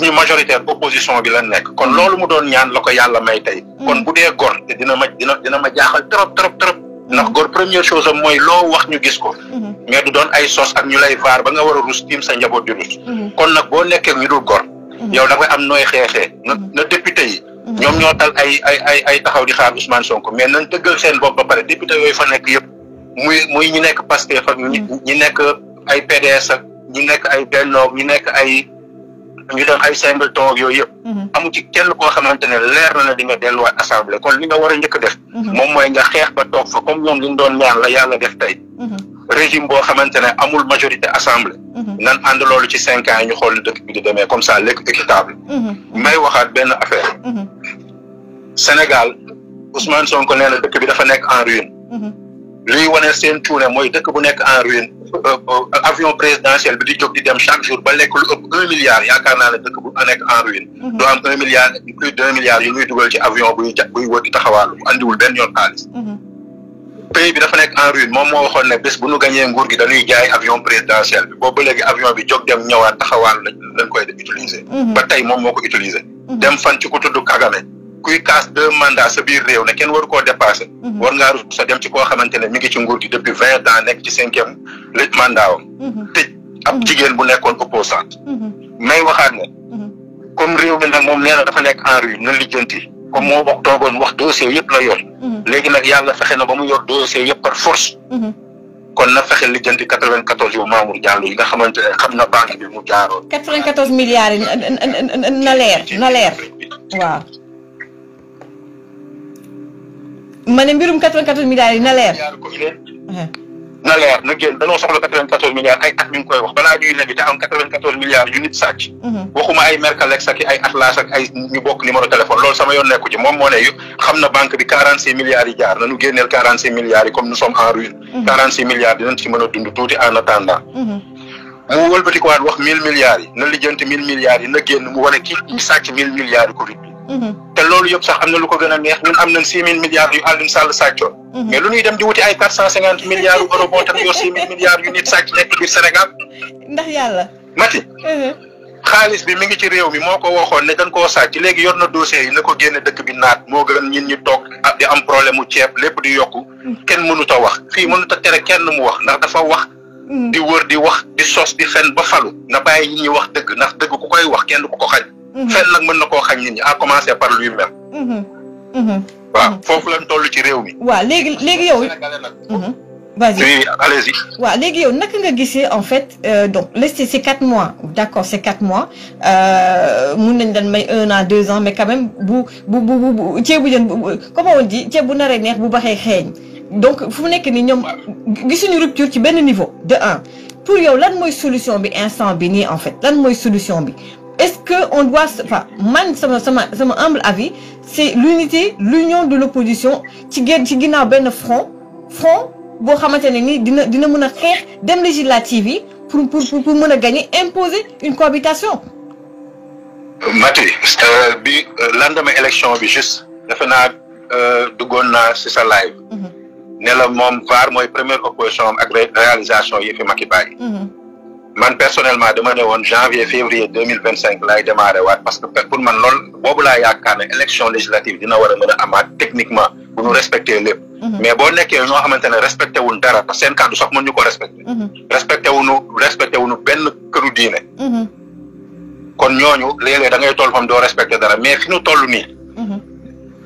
ñi majoritaire opposition bi la nekk kon loolu mu doon ñaan la ko yàlla may tey. kon bu dee góor te dina ma dina dina ma jaaxal trop trop trop. ndax góor première chose am mooy loo wax ñu gis ko. mais du doon ay sos ak ñu lay vaar ba nga war a rus tiim sa njaboot di rus. Mhm. kon nag boo nekkee ñu dul gor. Mhm. yow da koy am nooy xeexee na mhm. na député yi. ñoom ñoo tal ay ay ay ay taxaw di xaar Ousmane Sonko mais nañ dëggal seen bopp ba pare député yooyu fa nekk yëpp muy muy ñi nekk Pastef ak ñi nekk ay PDS ak ñi nekk ay Benno ñi nekk ay. ñu doon ay singleton ak yooyu yëpp. amu ci kenn koo xamante ne leer na la di nga delluwaat assemblée kon li nga war a njëkk def. moom mooy nga xeex ba toog fa comme ñoom li ñu doon ñaan la yàlla def tey. régime boo xamante ne amul majorité assemblée. Mhm. nan ànd loolu ci cinq ans yi ñu xool dëkk bi di demee comme ça lekk équitable. Mhm. may waxaat benn affaire. Mhm. Sénégal Ousmane Sonko nee na dëkk bi dafa nekk en ruine. luy wane seen tuune mooy dëkk bu nekk en ruine euh, euh, avion présidentiel bi di jóg di dem chaque jour ba lekk lu ëpp un milliard yaakaar naa ne dëkk bu nekk en ruine. doo am un milliard plus d'un milliard yu ñuy dugal ci avion buy ja wër di taxawaalu andiwul benn yoon xaalis. pays bi dafa nekk en ruine moom moo waxoon ne bés bu nu gañee nguur gi dañuy jaay avion présidentiel bi boobu ba léegi avion bi jóg dem ñëwaat taxawaan lañ koy utiliser. Mhm. ba tey moom moo ko utiliser. Mhm. dem fan ci ku tudd Kagame kuy kaas deux mandats sa biir réew ne kenn waru koo dépassé. Mhm. war ngaa rus sa dem ci koo xamante ne mi ngi ci nguur gi depuis vingt ans nekk ci cinquième mandaa mandat am. ab jigéen bu nekkoon opposante may waxaat ne. comme réew mi na moom nee na dafa nekk en ruine na lijjanti. comme moo bokk toogoon wax dossier yëpp la yor. Mm-hmm. léegi nag yàlla fexe na ba mu yor dossier yëpp par force. Mm-hmm. kon na fexe lijjanti quatre vingt quatorze yu Mamour Diallo yi nga xamante ne xam na banque bi mu jaaroon. quatre vingt quatorze milliards yi na leer na leer waaw. ma ne mbirum quatre vingt quatorze milliards yi na leer. na leer na génn dañoo soxla quatre quatorze milliards ay at ñu koy wax balaa ñuy lebi te am quatre mhm. ay Atlas ay ñu bokk numéro téléphone loolu sama yoon nekku ci moom moo ne xam na banque bi quarante six milliards yi jaar nañu génneel quarante six milliards yi comme nous sommes en ruine mhm. quarante six milliards dinañ ci mën a dund tuuti en attendant mhm. mu wëlbatikuwaat wax mille milliards yi na lijjanti mille milliards yi na génn mu wane kii sàcc mille milliards yi Covid Mm-hmm. te loolu yëpp sax am na lu ko gën a neex ñun am nañ six mille milliards yu Aliou Sall sàccoon mm-hmm. mais lu ñuy dem di wuti ay quatre cent cinquante milliards yu euro boo tam yor six mille milliards yu nit sàcc nekk biir Sénégal ndax yàlla Mati mm-hmm. xaalis bi mi ngi ci réew mi moo ko waxoon ne dañ koo sàcc léegi yor na dossier yi na ko génne dëkk bi naat moo gën ñin ñu toog di am problème mu ceeb lépp di yokku mm. kenn mënut a wax fii mënut a tere kenn mu wax ndax dafa wax mm. di wër di wax di sos di fen ba falu na bàyyi ñuy wax dëgg ndax dëgg ku koy wax kenn ku ko xañ xel mm-hmm. nag mën na koo xañ nit ñi à commencer par lui-même. Mm-hmm. Mm-hmm. waaw foofu lañ toll ci réew mi. waaw léegi léegi yow. vas-y waaw léegi yow naka nga gisee en fait euh, donc les c'est quatre mois d'accord c'est quatre mois euh, mun nañ leen may un an deux ans mais bu bu bu bu ceebu jën comment on dit ceeb bu naree neex bu baxee xeeñ donc fu mu nekk nii ñoom gisuñu rupture ci benn niveau de un pour yow lan mooy solution bi instant bi nii en fait lan mooy solution bi que on doit enfin man sama sama sama humble avis c'est l'unité l'union de l'opposition ci gén ci ginnaaw benn front front boo xamante ne ni dina dina mën a xeex dem législative yi pour pour pour mën a gagner imposer une cohabitation. Maty euh, bi euh, ma élection bi juste defe naa euh, duggoon naa ci sa live. Mhm. ne moom VAR mooy première opposition am ak réalisation yi fi Macky bàyyi. Mhm. man personnellement dama ne woon janvier février deux mille vingt cinq laay démarré waat parce que pour man loolu boobu laa yaakaar élection législative dina war a mën a amaat techniquement bu ñu respecté mhm. mais boo nekkee ñoo xamante ne respecté wuñ dara parce que seen kàddu sax mën ñu ko respecté. Mhm. respecté wuñu respecté wuñu benn këru diine. Mhm. kon ñooñu léeg-léeg da ngay toll fam doo respecté dara mais fi ñu toll nii.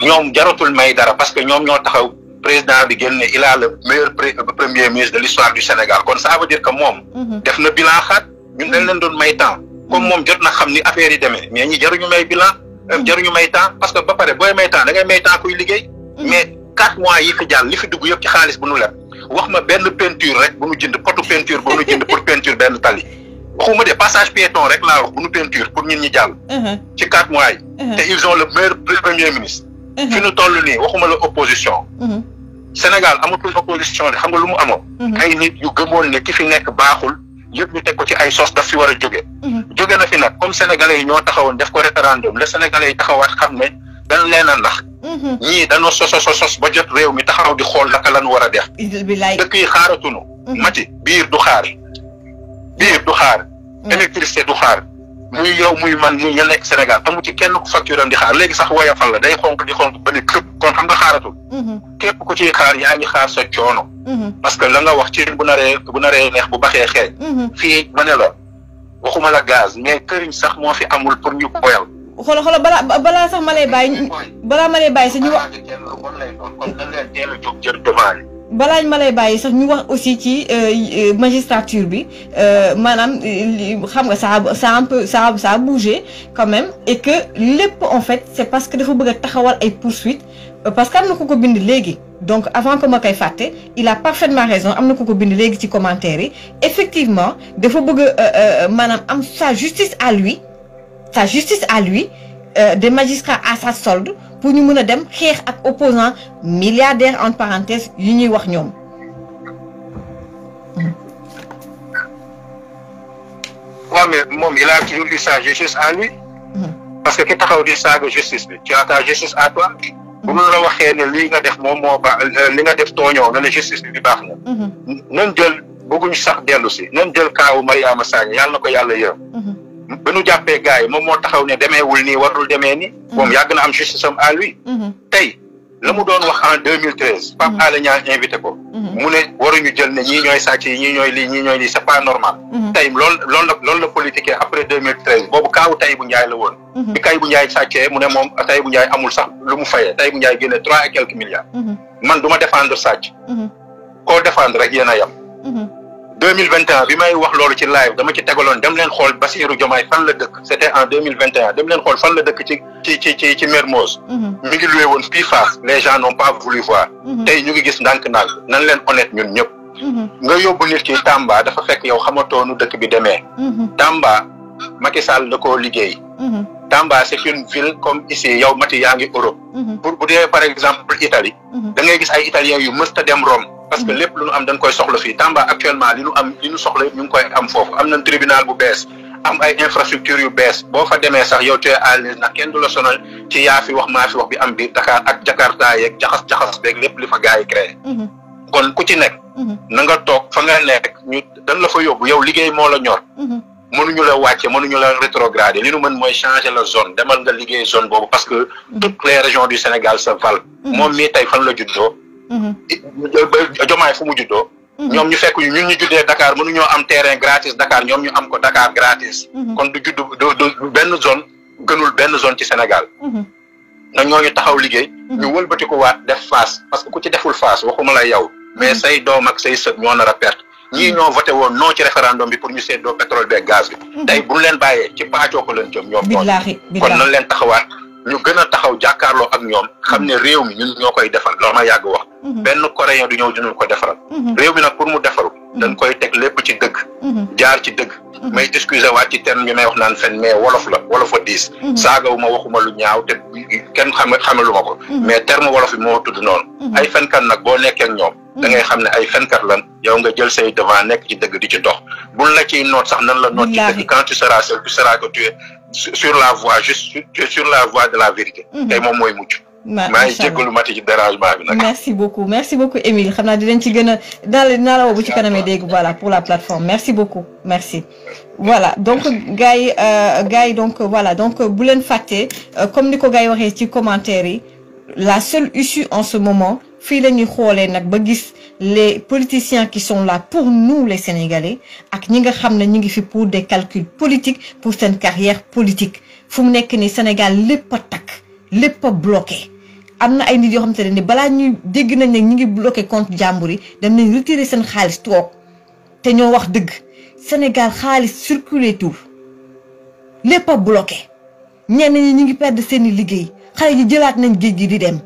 ñoom jaratul may dara parce que ñoom ñoo taxaw. président bi génn il a le meilleur euh, premier ministre de l'histoire du Sénégal kon ça dire que moom mhm. def na bilan xaat ñun dañ leen doon may temps comme mhm. moom jot na xam ni affaire yi demee mais ñi jaruñu may bilan euh, mhm. jaruñu may temps parce que ba pare booy may temps da ngay may temps kuy liggéey mais quatre mois yi fi jàll li fi dugg yëpp ci xaalis bu nu leb wax ma benn peinture rek bu nu jënd potu peinture bu nu jënd pour peinture benn tali waxuma de wax bu nu peinture pour ñun Sénégal amatul opposition de xam nga lu mu amoon. Mhm. ay nit yu gëmoon ne ki fi nekk baaxul yëpp ñu teg ko ci ay sos daf fi war a jóge. Mhm. jóge na fi nag comme sénégalais yi ñoo taxawoon def ko référendum la sénégalais yi taxawaat xam ne dañ leen ndax nax. Mhm. ñii dañoo sos sos sos ba jot réew mi taxaw di xool naka lan war a def. dëkk yi xaaratunu. mati biir du xaar biir du xaar. électricité du xaar. muy yow muy man muy nekk Sénégal amu ci kenn ku facture am di xaar léegi sax woyofal la day xonk di xonk ba ne këpp kon xam nga xaaratul. Mm-hmm. képp ku ci xaar yaa ngi xaar sa coono. Mm-hmm. parce que la wax ci bu naree bu naree neex bu baxee xeeñ. Mm-hmm. fii ma ne la waxuma la gaz mais këriñ sax moo fi amul pour ñu koyal. xoolal xoolal balaa balaa sax ma lay bàyyi balaa ma lay bàyyi sax ñu wax. a balaañ ma lay bàyyi sax ñu wax aussi ci euh, magistrature bi euh, maanaam euh, xam nga ça ça un peu ça ça a bougé quand lépp en fait c'est parce que dafa bëgg a taxawal ay poursuites parce que am na ko ko bindi léegi donc avant que ma koy fàtte il a parfaitement raison am na ko ko bindi léegi ci commentaire yi effectivement dafa bëgg a maanaam am sa justice à lui sa justice à lui des magistrats à sa solde pour ñu mën a dem xeex ak opposant milliardaire en parenthèse yi ñuy wax ñoom waaw mmh. moom il a toujours eu en lui mmh. que ki taxaw di saaga justice bi ci as ta justice à toi mmh. bu ñu la waxee ne lii nga def moom moo baax euh, li nga def tooñoo nga ne justice bi bi baax na nan jël bëgguñ sax dellu si nan jël kaawu a Sagna yàlla na ko yàlla yërëm ba nu jàppee gars yi moom moo taxaw ne demeewul nii warul demee ni mhm. moom yàgg na am justice am à mhm. tey la mu doon wax en 2013. Pape mhm. Alé Niang invité ko. mu ne waruñu jël ne ñii ñooy sàcc yi ñii ñooy lii ñii ñooy lii c'est pas normal. tey loolu loolu la loolu la politiqué après 2013 kaw kaawu bu Ndiaye la woon. bi Tahibou Ndiaye sàccee mu ne moom bu Ndiaye amul sax lu mu fayee Tahibou Ndiaye génne trois et quelques milliards. man du ma défendre sàcc. koo défendre rek yéen a yem. deux mille vingt et un bi may wax loolu ci live dama ci tegaloon dem leen xool Bassirou Diomaye fan la dëkk c' était en et un dem leen xool fan la dëkk ci ci ci ci ci mhm. mi ngi loué woon fii Fass les gens n'ont pas voulu mhm. tey ñu ngi gis ndànk ndànk nan leen honnête ñun ñëp mhm. nga yóbbu nit ki Tamba dafa fekk yow xamatoonu dëkk bi demee Tamba Macky Sall da koo liggéey Tamba c' est une ville comme ici yow Mati yaa ngi Europe pour bu dee par exemple Italie da ngay gis ay italiens yu mës ta dem Rome parce que lépp lu nu am dañ koy soxla fi Tamba actuellement li nu am li nu soxla ñu ngi koy am foofu am na tribunal bu bees am ay infrastructure yu bees boo fa demee sax yow tee à l'aise nag kenn du la sonal ci yaa wax maa fi wax bi am biir Dakar ak Jakarta yeeg jaxas-jaxas beeg lépp li fa gars yi créé mhm. kon ku ci nekk mhm. na nga toog fa nga nekk ñu dañ la fa yóbbu yow liggéey moo la ñor mhm. mënuñu la wàcce mënuñu la rétrogradé li nu mën mooy changer la zone demal nga liggéey zone boobu parce que toutes les régions du Sénégal se valent tey fan la juddoo jomaay fu mu juddoo mhm. ñoom ñu fekk ñun ñu juddee Dakar mënuñoo am terrain gratis Dakar ñoom ñu am ko Dakar gratis mhm. kon du judd du benn zone gënul benn zone ci Sénégal mhm. na ñooñu taxaw liggéey ñu wëlbatiku waat def face parce que ku ci deful face waxuma la yow mais say doom ak say sët ñoo nar a perte ñi ñoo voté woon non ci référendum bi pour ñu seddoo pétrole beeg gaz bi tey bu ñu leen bàyyee ci paacoo ko leen jëm ñoom kon nañ leen taxawaat ñu gën a taxaw jàkkaarloo ak ñoom xam ne réew mi ñun ñoo koy defar loolu ma yàgg wax mhm. benn coréen du ñëw duñu ko defaral mhm. réew mi nag pour mu defaru mhm. dañ koy teg lépp ci dëgg jaar ci dëgg may excusé waat ci terme bi may wax naan fen mais wolof la wolof a diis saagawu ma waxuma lu ñaaw te kenn xam xamalu ma ko mais terme wolof bi moo tudd noonu ay fenkat nag boo nekkee ñoom da ngay xam ne ay fenkat lan yow nga jël say devant nekk ci dëgg di ci dox buñ la ciy noot sax nan la noot ci dëgg quand tu seras seul tu seras sur la voie la voie de la vérité. Mhm. tey moom mooy mucc. maa ngi jégalu mati ci dérangement bi nag. merci beaucoup merci beaucoup Émile xam naa dinañ ci gën a daal dinaa la woo bu ci kanamee dégg voilà pour la plateforme merci beaucoup merci. voilà donc gars yi euh, gars yi donc voilà donc bu leen fàttee euh, comme ni ko gars yi waxee ci commentaire yi la seule issue en ce moment. fii lañuy ñuy xoolee nag ba gis les politiciens qui sont là pour nous les sénégalais ak ñi nga xam ne ñu ngi fi pour des calculs politique pour seen carrière politique fu mu nekk ni Sénégal lépp a takk lépp a bloqué. am na ay nit yoo xam te ne ni balaa ñuy dégg nañ ne ñu ngi bloqué compte jàmbur yi dem nañ retiré seen xaalis toog te ñoo wax dëgg Sénégal xaalis circulé tout lépp a bloqué ñenn ñi ñu ngi perdre seen i liggéey xale yi jëlaat nañ géej gi di dem.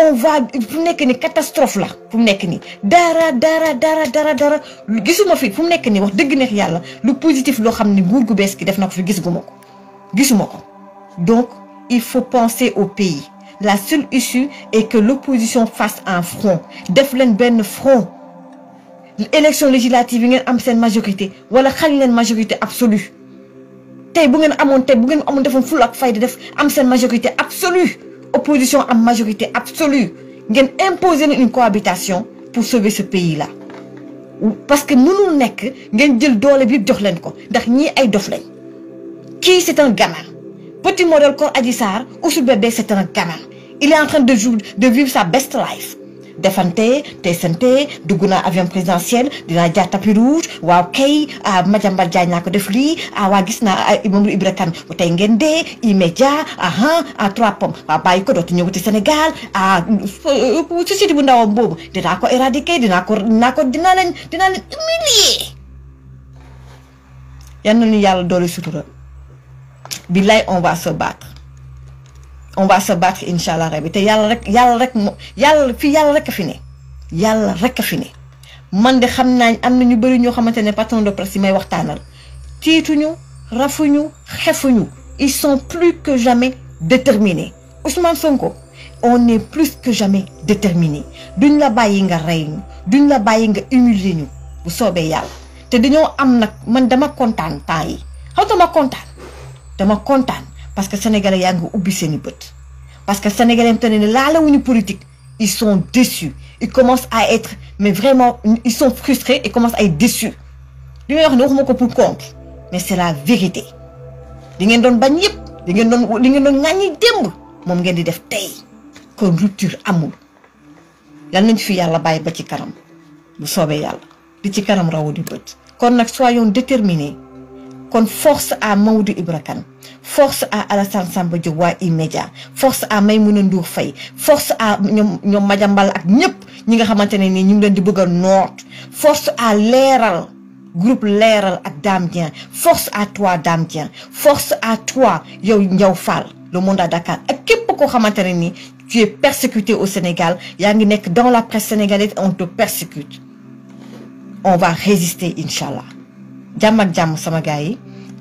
on va fu mu nekk ni catastrophe la fu mu nekk nii dara dara dara dara dara gisuma fi fu mu nekk ni wax dëgg neex yàlla lu positif loo xam ni nguur gu bees gi def na ko fi gisuma ko gisuma ko donc il faut penser au pays la seule issue est que l'opposition fasse un front def leen benn front élection législative yi ngeen am seen majorité wala xañ leen majorité absolue tey bu ngeen amoon tey bu ngeen amoon defoon ful ak fayda def am seen majorité absolue opposition am majorité absolue ngeen imposer na une cohabitation pour sauver ce pays là parce que mënul nekk ngeen jël doole bi jox leen ko ndax ñii ay dof lañ kii c'est un gamin petit modèle corps Adji Sarr Ousou Bébé c'est un gamin il est en train de jour de vivre sa best life defante teesante dugg naa avion présidentiel dinaa jaar tapis rouge waaw kay ah Madiambal Diagne naa def lii ah waa gis naa ah, Mamadou Ibra Kane tey ngeen dee immédiat ahan ah, ah trois pommes waaw bàyyi ko dootu ñëwati Sénégal ah société bu ndawam boobu dinaa ko éradiquer dinaa ko dinaa ko dinaa leen dinaa leen humilier yal na ñu on va se battre on a se battre incha allah rabbi te yàlla rek yàlla rek moo yàlla fii yàlla rek a fi ne yàlla rek a fi ne man de xam naa am na ñu bëri ñoo xamante ne patron de presse si may waxtaanal tiituñu rafuñu xefuñu ils sont plus que jamais déterminés Ousmane ko on est plus que jamais déterminés duñ la bàyyi nga rey ñu duñ la bàyyi nga humilier ñu bu soobee yàlla te dañoo am nag man dama kontaan temps yi xaw dama kontaan dama kontaan. parce que sénégalais yaa ngi ubbi seen bët parce que sénégalais te ne laalawuñu politique ils sont déçus ils commencent à être mais vraiment ils sont frustrés et commencent à être déçus li may wax ne waxuma ko pour contre mais c'est la vérité li ngeen doon bañ yëpp li ngeen doon li ngeen doon ŋàññi démb moom ngeen di def tey kon rupture amul yal nañ fi yàlla bàyyi ba ci kanam bu soobe yàlla di ci kanam rawu di bët kon nag soyons déterminés kon force à Maodo Ibra Kane force à Alassane Samba Diop waa E-Media force à Maimouna Ndour Faye force à ñoom ñoom ak ñëpp ñi nga xamante ne nii ñu ngi leen di bëgg a noot force à leeral groupe leeral ak Dame Dieng force à toi Dame Dieng force à toi yow njaw Fall le monde à Dakar ak képp koo xamante ne nii tu es persécuté au Sénégal yaa ngi nekk dans la presse sénégalaise on te persécute on va résister incha jàmm ak jàmm sama gars yi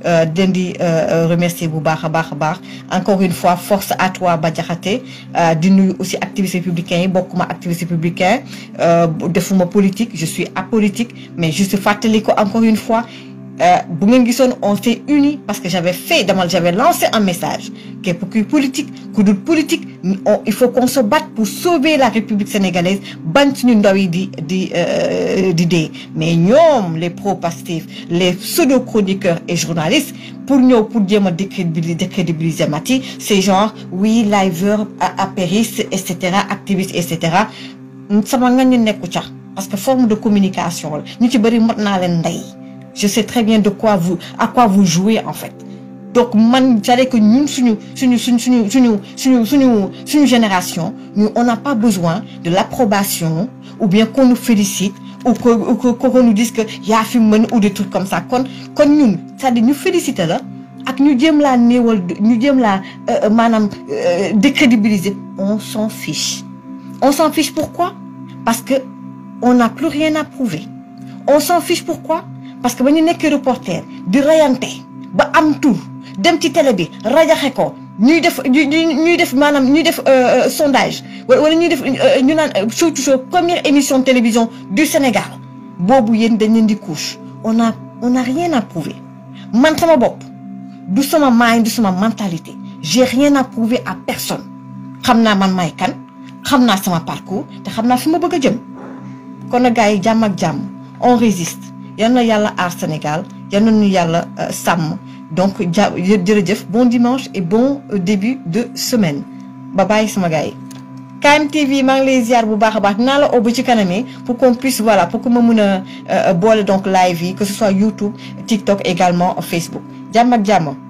euh, di leen di euh, euh, remercier bu baax a baax a baax encore une fois force à toi Bah Diakhaté di nuyu aussi activiste républicain yi bokkuma activiste républicain defuma politique je suis politique mais juste fàttali ko encore une fois Euh, bu ngeen gisoon on s'est unis parce que j'avais fait dama j'avais lancé un message que pour kuy politique ku dul politique il faut qu'on se batte pour sauver la République sénégalaise bañ suñu ndaw yi di di euh, di dee mais ñoom les pro-Pastef les pseudo-chroniqueurs et journalistes pour ñëw pour jéem a décrédibiliser décrédibiliser Maty ces genre oui liveur apériste et cetera activiste et cetera sama nga ñu nekku ca parce que forme de communication la ñu ci bëri mot naa leen ndey je sais très bien de quoi vous à quoi vous jouez en fait donc man j'allais que ñun suñu suñu suñu suñu suñu suñu suñu suñu génération ñu on n'a pas besoin de l'approbation ou bien qu'on nous félicite ou que ou que qu'on nous dise que yaa fi mën ou des trucs comme ça kon kon ñun c'est-à-dire ñu féliciter la ak ñu jéem laa néewal ñu jéem laa euh, euh, maanaam euh, décrédibiliser on s'en fiche on s'en fiche pourquoi parce que on n'a plus rien à prouver on s'en fiche pourquoi parce que ba ñu nekkee reporter di rayante ba am tur dem ci télé bi rajaxe ko ñuy def ñuy def maanaam ñuy def euh, euh, sondage wala ñuy def euh, ñu naan show to show première émission de télévision du Sénégal boobu yéen dañ leen di couche on a on a rien à prouver man sama bopp du sama maay du sama mentalité j'ai rien à prouver à personne xam naa man may kan xam naa sama parcours te xam naa fi ma bëgg a jëm kon na gars yi jàmm ak jàmm on résiste yal yàlla aar Sénégal yal nu yàlla euh, sàmm donc ja jërëjëf bon dimanche et bon euh, début de semaine ba bàyyi sama gars yi. KMTV maa ngi lay ziar bu baax a baax dinaa la obb ci kanam pour qu'on puisse voilà pour que ma mën a euh, boole donc live yi que ce soit YouTube TikTok également Facebook jàmm ak jàmm.